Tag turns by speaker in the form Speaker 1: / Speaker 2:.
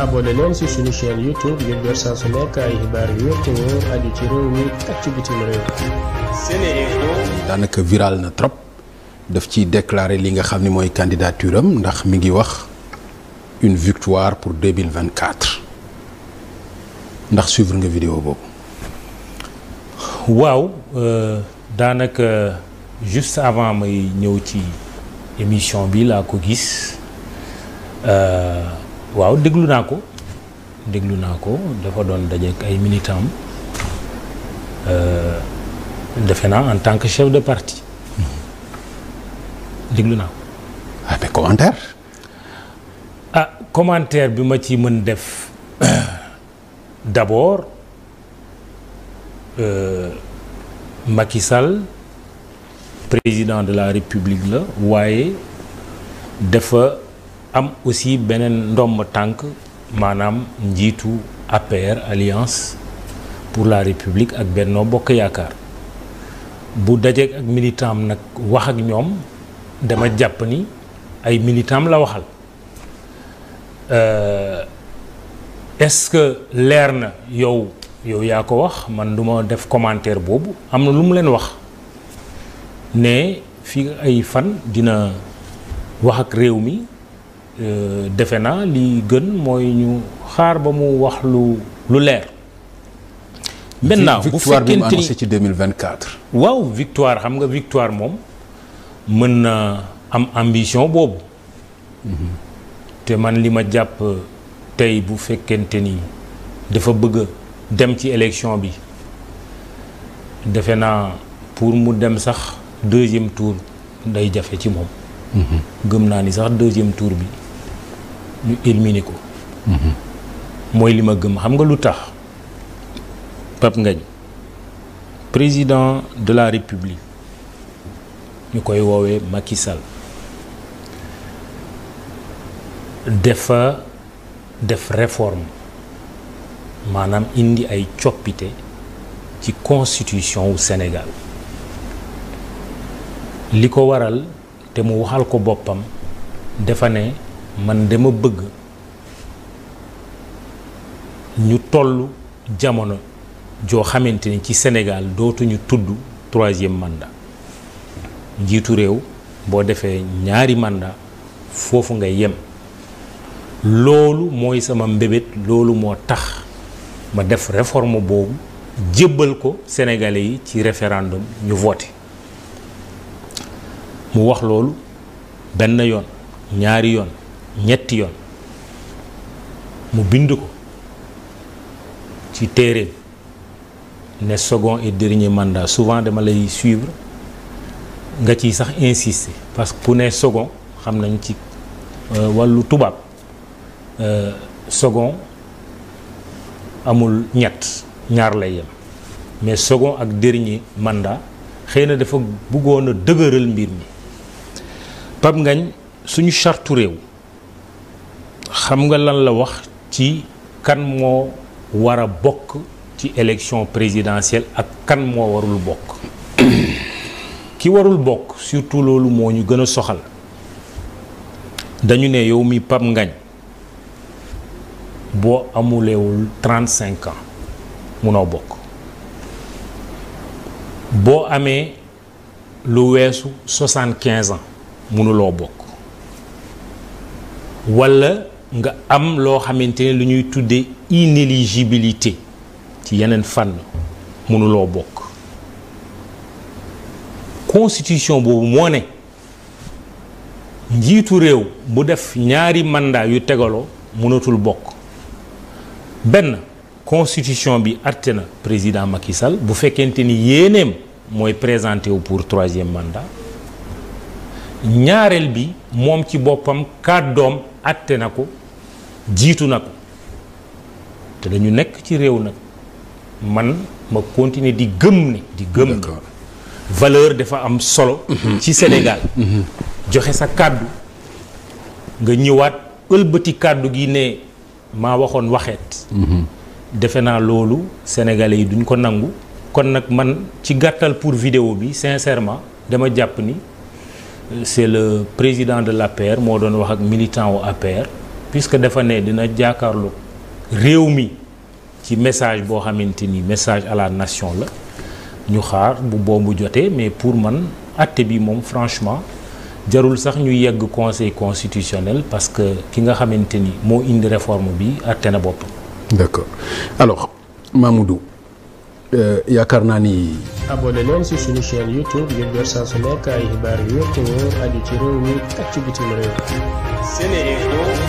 Speaker 1: abonné leen ci suñu chaîne YouTube yu wér ci réew mi daanaka viral na trop daf ci déclarer li nga xam ni mooy candidature am ndax mi ngi wax une victoire pour 2024 ndax suivre nga vidéo boobu. waaw euh, daanaka juste avant may ñëw ci émission bi laa ko gis. Euh, waaw déglu naa ko déglu naa ko dafa doon dajeek ay militants euh, defe naa en tant que chef de partie mhm. déglu naa ko. ah mais commentaire. Ah, bi ma ci mën def d'abord euh, Macky Sall président de la République la waaye dafa. am aussi beneen ndomb tànk maanaam njiitu APR alliance pour la république ak Benno Bokk Yaakaar bu dajeek ak militant nag wax ak ñoom dama jàpp ni ay militant la waxal euh, est-ce que leer na yow yow yaa ko wax man du ma def commentaire boobu am na lu mu leen wax ne fii ay fan dina wax ak réew mi Euh, defe naa li gën mooy ñu xaar ba mu wax lu lu leer. maintenant bu fekkente ni ci 2024. waaw victoire xam nga victoire moom mën na am ambition boobu. Mhm. te man li ma jàpp euh, tey bu fekkente ni dafa bëgg dem ci élection bi defe naa pour mu dem sax deuxième tour day jafe ci moom. Mhm. gëm naa ni sax deuxième tour bi. ñu éliminer ko. mooy li ma gëm xam nga lu tax Pape Ngagne président de la république ñu koy woowee makisal Sall def réforme maanaam indi ay coppite ci constitution wu Sénégal li ko waral te mu waxal ko boppam dafa ne. man dama bëgg ñu tollu jamono joo xamante ni ci Sénégal dootuñu tudd troisième mandat njiitu réew boo defee ñaari mandat foofu nga yem loolu mooy sama mbébét loolu moo tax ma def réforme boobu jébbal ko sénégalais yi ci référendum ñu voté mu wax loolu benn yoon ñaari yoon ñetti yoon mu bind ko ci téeréem ne second et dernier mandat souvent dama lay suivre nga ciy sax insister parce que ku ne second xam nañ ci euh, wàllu tubaab euh, second amul ñett ñaar lay yem mais second ak dernier mandat xëy na dafa bëggoon a dëgëral mbir mi Pape ngañ suñu chartu réew xam nga lan la wax ci kan moo war bokk ci élection présidentielle ak kan moo warul bokk ki warul bokk surtout loolu moo ñu gën a soxal dañu ne yow mi Pape ngañ boo amulewul trente cinq ans munoo bokk boo amee lu weesu soixante quinze ans bokk walla nga am loo xamante ne lu ñuy tuddee inéligibilité ci yeneen fànn mënuloo bokk constitution boobu moo ne njiitu réew bu def ñaari mandat yu tegaloo mënatul bokk benn constitution bi atte na président makisal bu fekkente ni yéeneem mooy présenté wu pour troisième mandat ñaareel bi moom ci boppam doom atte na ko jiitu na ko te dañu nekk ci réew nag man ma continuer di gëm ni di gëm ni valeur dafa am solo mhm. ci Sénégal mhm. Mhm. joxe sa kàddu nga ñëwaat ëlbati kàddu gi ne maa waxoon waxeet defe naa loolu sénégalais yi duñ ko nangu kon nag man ci gàttal pour vidéo bi sincèrement dama jàpp ni euh, c'est le président de l'APR moo doon wax ak militant wu APR puisque dafa ne dina jàkkaarlu réew mi ci message boo xamante ni message à la nation la ñu xaar bu boobu jotee mais pour man atte bi moom franchement jarul sax ñu yegg conseil constitutionnel parce que ki nga xamante ni moo indi réforme bi atte na bopp d'accord alors Mamoudou euh, yaakaar naa ni. abonné leen ci suñu chaîne YouTube ngir jot yu wér te wóor aju ci réew